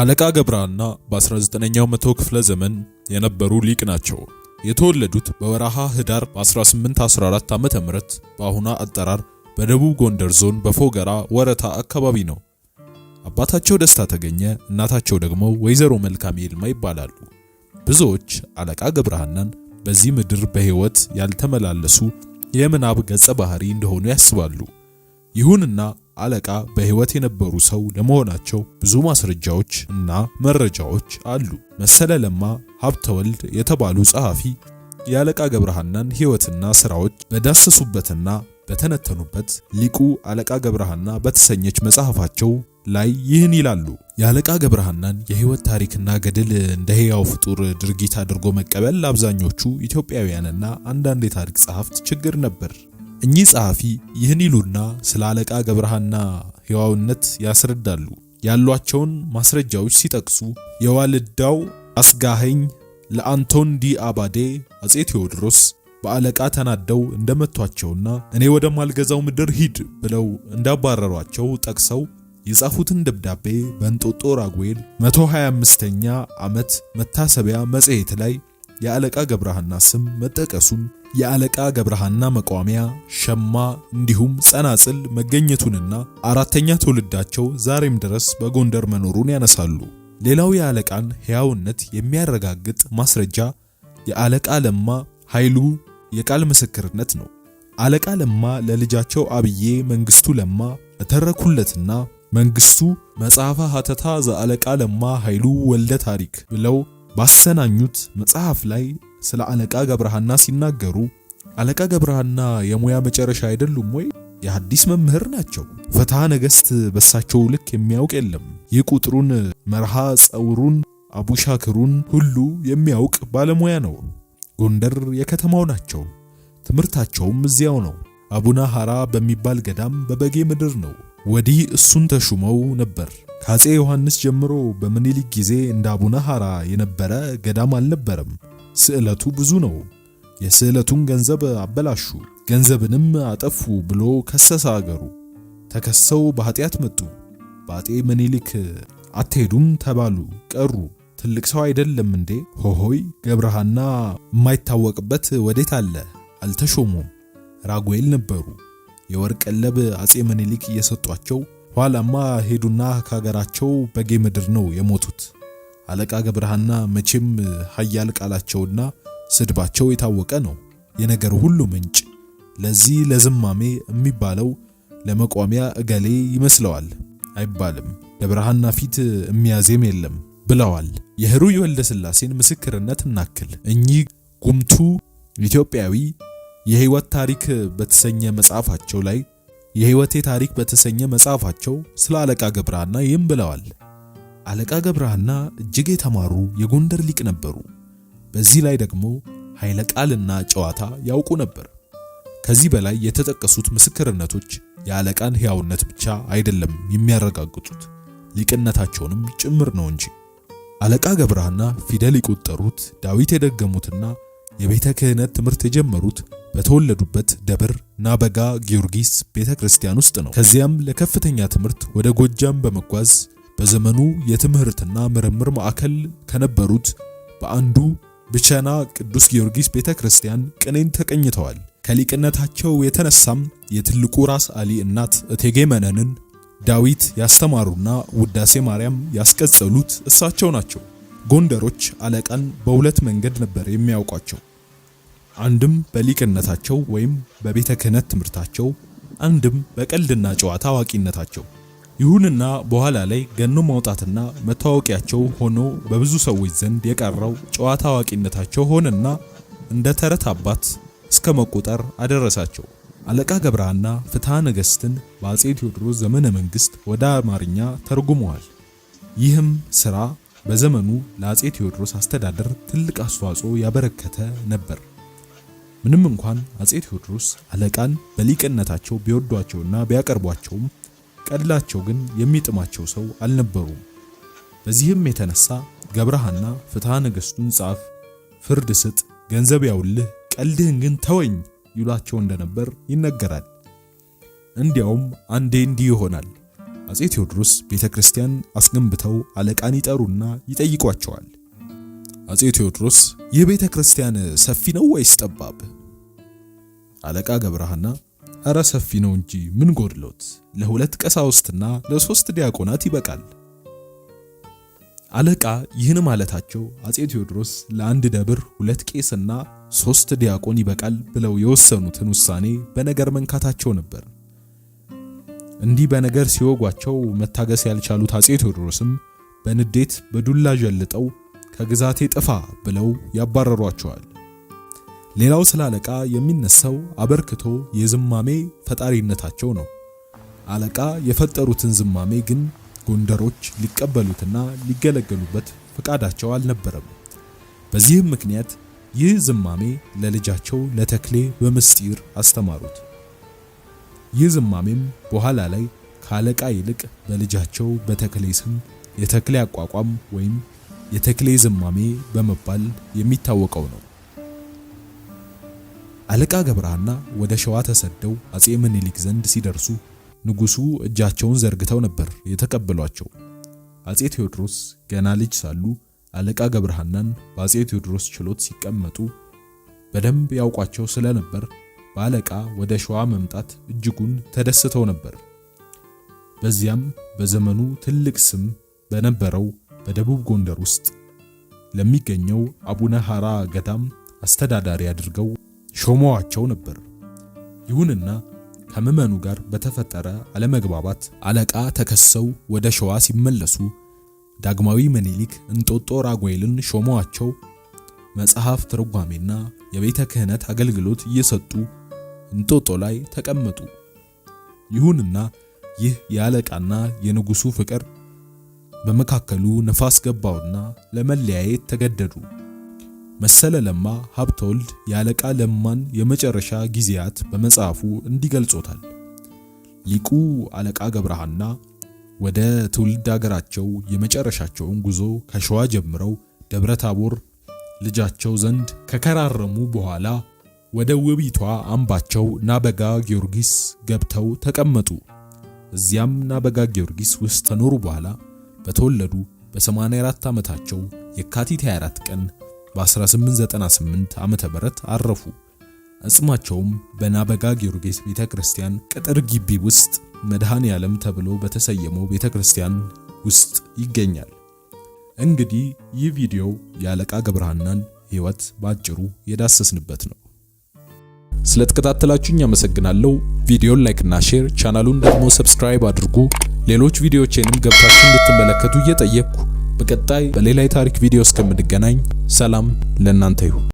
አለቃ ገብረሐና በ19ኛው መቶ ክፍለ ዘመን የነበሩ ሊቅ ናቸው። የተወለዱት በወርሃ ህዳር በ1814 ዓመተ ምህረት በአሁኗ አጠራር በደቡብ ጎንደር ዞን በፎገራ ወረታ አካባቢ ነው። አባታቸው ደስታ ተገኘ፣ እናታቸው ደግሞ ወይዘሮ መልካም ይልማ ይባላሉ። ብዙዎች አለቃ ገብረሐናን በዚህ ምድር በህይወት ያልተመላለሱ የምናብ ገጸ ባህሪ እንደሆኑ ያስባሉ። ይሁንና አለቃ በሕይወት የነበሩ ሰው ለመሆናቸው ብዙ ማስረጃዎች እና መረጃዎች አሉ። መሰለ ለማ ሀብተወልድ የተባሉ ጸሐፊ የአለቃ ገብረሐናን ሕይወትና ሥራዎች በዳሰሱበትና በተነተኑበት ሊቁ አለቃ ገብረሐና በተሰኘች መጽሐፋቸው ላይ ይህን ይላሉ። የአለቃ ገብረሐናን የሕይወት ታሪክና ገድል እንደ ህያው ፍጡር ድርጊት አድርጎ መቀበል አብዛኞቹ ኢትዮጵያውያንና አንዳንድ የታሪክ ጸሐፍት ችግር ነበር። እኚህ ጸሐፊ ይህን ይሉና ስለ አለቃ ገብረሐና ሕያውነት ያስረዳሉ። ያሏቸውን ማስረጃዎች ሲጠቅሱ የዋልዳው አስጋኸኝ ለአንቶን ዲ አባዴ አጼ ቴዎድሮስ በአለቃ ተናደው እንደመቷቸውና እኔ ወደማልገዛው ምድር ሂድ ብለው እንዳባረሯቸው ጠቅሰው የጻፉትን ደብዳቤ በእንጦጦ ራጉኤል 125ኛ ዓመት መታሰቢያ መጽሔት ላይ የአለቃ ገብረሐና ስም መጠቀሱን የአለቃ ገብረሐና መቋሚያ፣ ሸማ እንዲሁም ጸናጽል መገኘቱንና አራተኛ ትውልዳቸው ዛሬም ድረስ በጎንደር መኖሩን ያነሳሉ። ሌላው የአለቃን ሕያውነት የሚያረጋግጥ ማስረጃ የአለቃ ለማ ኃይሉ የቃል ምስክርነት ነው። አለቃ ለማ ለልጃቸው አብዬ መንግስቱ ለማ በተረኩለትና መንግስቱ መጽሐፈ ሐተታ ዘአለቃ ለማ ኃይሉ ወልደ ታሪክ ብለው ባሰናኙት መጽሐፍ ላይ ስለ አለቃ ገብረሃና ሲናገሩ አለቃ ገብረሃና የሙያ መጨረሻ አይደሉም ወይ? የሐዲስ መምህር ናቸው። ፍትሐ ነገሥት በሳቸው ልክ የሚያውቅ የለም። ይቁጥሩን መርሃ ጸውሩን አቡሻክሩን ሁሉ የሚያውቅ ባለሙያ ነው። ጎንደር የከተማው ናቸው። ትምህርታቸውም እዚያው ነው። አቡነ ሐራ በሚባል ገዳም በበጌ ምድር ነው። ወዲህ እሱን ተሹመው ነበር። ከአፄ ዮሐንስ ጀምሮ በምኒልክ ጊዜ እንደ አቡነ ሐራ የነበረ ገዳም አልነበረም። ስዕለቱ ብዙ ነው። የስዕለቱን ገንዘብ አበላሹ፣ ገንዘብንም አጠፉ ብሎ ከሰሰ አገሩ። ተከሰው በኃጢአት መጡ። በአጤ ምኒልክ አትሄዱም ተባሉ፣ ቀሩ። ትልቅ ሰው አይደለም እንዴ? ሆሆይ ገብረሃና የማይታወቅበት ወዴት አለ? አልተሾሙም። ራጉኤል ነበሩ። የወርቅ ቀለብ አፄ ምኒልክ እየሰጧቸው ኋላማ ሄዱና ከሀገራቸው በጌ ምድር ነው የሞቱት። አለቃ ገብረሐና መቼም ኃያል ቃላቸውና ስድባቸው የታወቀ ነው፣ የነገር ሁሉ ምንጭ። ለዚህ ለዝማሜ የሚባለው ለመቋሚያ እገሌ ይመስለዋል አይባልም። ለብርሃና ፊት የሚያዜም የለም ብለዋል። የህሩይ ወልደ ስላሴን ምስክርነት እናክል። እኚህ ጉምቱ ኢትዮጵያዊ የህይወት ታሪክ በተሰኘ መጽሐፋቸው ላይ የህይወቴ ታሪክ በተሰኘ መጽሐፋቸው ስለ አለቃ ገብረሐና ይህም ብለዋል። አለቃ ገብረሐና እጅግ የተማሩ የጎንደር ሊቅ ነበሩ። በዚህ ላይ ደግሞ ኃይለ ቃልና ጨዋታ ያውቁ ነበር። ከዚህ በላይ የተጠቀሱት ምስክርነቶች የአለቃን ሕያውነት ብቻ አይደለም የሚያረጋግጡት ሊቅነታቸውንም ጭምር ነው እንጂ። አለቃ ገብረሐና ፊደል የቆጠሩት ዳዊት የደገሙትና የቤተ ክህነት ትምህርት የጀመሩት በተወለዱበት ደብር ናበጋ ጊዮርጊስ ቤተክርስቲያን ውስጥ ነው። ከዚያም ለከፍተኛ ትምህርት ወደ ጎጃም በመጓዝ በዘመኑ የትምህርትና ምርምር ማዕከል ከነበሩት በአንዱ ብቸና ቅዱስ ጊዮርጊስ ቤተክርስቲያን ቅኔን ተቀኝተዋል። ከሊቅነታቸው የተነሳም የትልቁ ራስ አሊ እናት እቴጌ መነንን ዳዊት ያስተማሩና ውዳሴ ማርያም ያስቀጸሉት እሳቸው ናቸው። ጎንደሮች አለቃን በሁለት መንገድ ነበር የሚያውቋቸው። አንድም በሊቅነታቸው ወይም በቤተ ክህነት ትምህርታቸው፣ አንድም በቀልድና ጨዋታ አዋቂነታቸው። ይሁንና በኋላ ላይ ገኖ ማውጣትና መታወቂያቸው ሆኖ በብዙ ሰዎች ዘንድ የቀረው ጨዋታ አዋቂነታቸው ሆነና እንደ ተረት አባት እስከ መቆጠር አደረሳቸው። አለቃ ገብረሐና ፍትሐ ነገሥትን በአጼ ቴዎድሮስ ዘመነ መንግስት ወደ አማርኛ ተርጉመዋል። ይህም ስራ በዘመኑ ለአጼ ቴዎድሮስ አስተዳደር ትልቅ አስተዋጽኦ ያበረከተ ነበር። ምንም እንኳን አጼ ቴዎድሮስ አለቃን በሊቅነታቸው ቢወዷቸውና ቢያቀርቧቸውም ቀላቸው ግን የሚጥማቸው ሰው አልነበሩም። በዚህም የተነሳ ገብረሃና ፍትሐ ነገሥቱን ጻፍ፣ ፍርድ ስጥ፣ ገንዘብ ያውልህ፣ ቀልድህን ግን ተወኝ ይሏቸው እንደነበር ይነገራል። እንዲያውም አንዴ እንዲህ ይሆናል። አጼ ቴዎድሮስ ቤተክርስቲያን አስገንብተው አለቃን ይጠሩና ይጠይቋቸዋል። አፄ ቴዎድሮስ ይህ ቤተ ክርስቲያን ሰፊ ነው ወይስ ጠባብ? አለቃ ገብረሃና እረ ሰፊ ነው እንጂ ምን ጎድሎት ለሁለት ቀሳውስትና ለሶስት ዲያቆናት ይበቃል። አለቃ ይህን ማለታቸው አፄ ቴዎድሮስ ለአንድ ደብር ሁለት ቄስና ሶስት ዲያቆን ይበቃል ብለው የወሰኑትን ውሳኔ በነገር መንካታቸው ነበር። እንዲህ በነገር ሲወጓቸው መታገስ ያልቻሉት አፄ ቴዎድሮስም በንዴት በዱላ ጀልጠው ከግዛቴ ጥፋ ብለው ያባረሯቸዋል። ሌላው ስለ አለቃ የሚነሳው አበርክቶ የዝማሜ ፈጣሪነታቸው ነው። አለቃ የፈጠሩትን ዝማሜ ግን ጎንደሮች ሊቀበሉትና ሊገለገሉበት ፈቃዳቸው አልነበረም። በዚህም ምክንያት ይህ ዝማሜ ለልጃቸው ለተክሌ በምስጢር አስተማሩት። ይህ ዝማሜም በኋላ ላይ ከአለቃ ይልቅ በልጃቸው በተክሌ ስም የተክሌ አቋቋም ወይም የተክሌ ዝማሜ በመባል የሚታወቀው ነው። አለቃ ገብረሐና ወደ ሸዋ ተሰደው አጼ ምኒልክ ዘንድ ሲደርሱ ንጉሱ እጃቸውን ዘርግተው ነበር የተቀበሏቸው። አጼ ቴዎድሮስ ገና ልጅ ሳሉ አለቃ ገብረሐናን በአጼ ቴዎድሮስ ችሎት ሲቀመጡ በደንብ ያውቋቸው ስለነበር በአለቃ ወደ ሸዋ መምጣት እጅጉን ተደስተው ነበር። በዚያም በዘመኑ ትልቅ ስም በነበረው በደቡብ ጎንደር ውስጥ ለሚገኘው አቡነ ሐራ ገዳም አስተዳዳሪ አድርገው ሾመዋቸው ነበር። ይሁንና ከምዕመኑ ጋር በተፈጠረ አለመግባባት አለቃ ተከሰው ወደ ሸዋ ሲመለሱ ዳግማዊ ምኒልክ እንጦጦ ራጉኤልን ሾመዋቸው። መጽሐፍ ትርጓሜና የቤተ ክህነት አገልግሎት እየሰጡ እንጦጦ ላይ ተቀመጡ። ይሁንና ይህ የአለቃና የንጉሱ ፍቅር በመካከሉ ነፋስ ገባውና ለመለያየት ተገደዱ። መሰለ ለማ ሀብተወልድ የአለቃ ለማን የመጨረሻ ጊዜያት በመጽሐፉ እንዲገልጾታል። ሊቁ አለቃ ገብረሐና ወደ ትውልድ አገራቸው የመጨረሻቸውን ጉዞ ከሸዋ ጀምረው ደብረ ታቦር ልጃቸው ዘንድ ከከራረሙ በኋላ ወደ ውቢቷ አምባቸው ናበጋ ጊዮርጊስ ገብተው ተቀመጡ። እዚያም ናበጋ ጊዮርጊስ ውስጥ ከኖሩ በኋላ በተወለዱ በ84 ዓመታቸው የካቲት 24 ቀን በ1898 ዓመተ ምህረት አረፉ። አጽማቸውም በናበጋ ጊዮርጊስ ቤተክርስቲያን ቅጥር ግቢ ውስጥ መድኃኔ ዓለም ተብሎ በተሰየመው ቤተክርስቲያን ውስጥ ይገኛል። እንግዲህ ይህ ቪዲዮ የአለቃ ገብረሃናን ሕይወት በአጭሩ የዳሰስንበት ነው። ስለተከታተላችሁኝ አመሰግናለሁ። ቪዲዮን ላይክ እና ሼር፣ ቻናሉን ደግሞ ሰብስክራይብ አድርጉ። ሌሎች ቪዲዮዎቼንም ገብታችሁ እንድትመለከቱ እየጠየቅኩ በቀጣይ በሌላ የታሪክ ቪዲዮ እስከምንገናኝ ሰላም ለእናንተ ይሁን።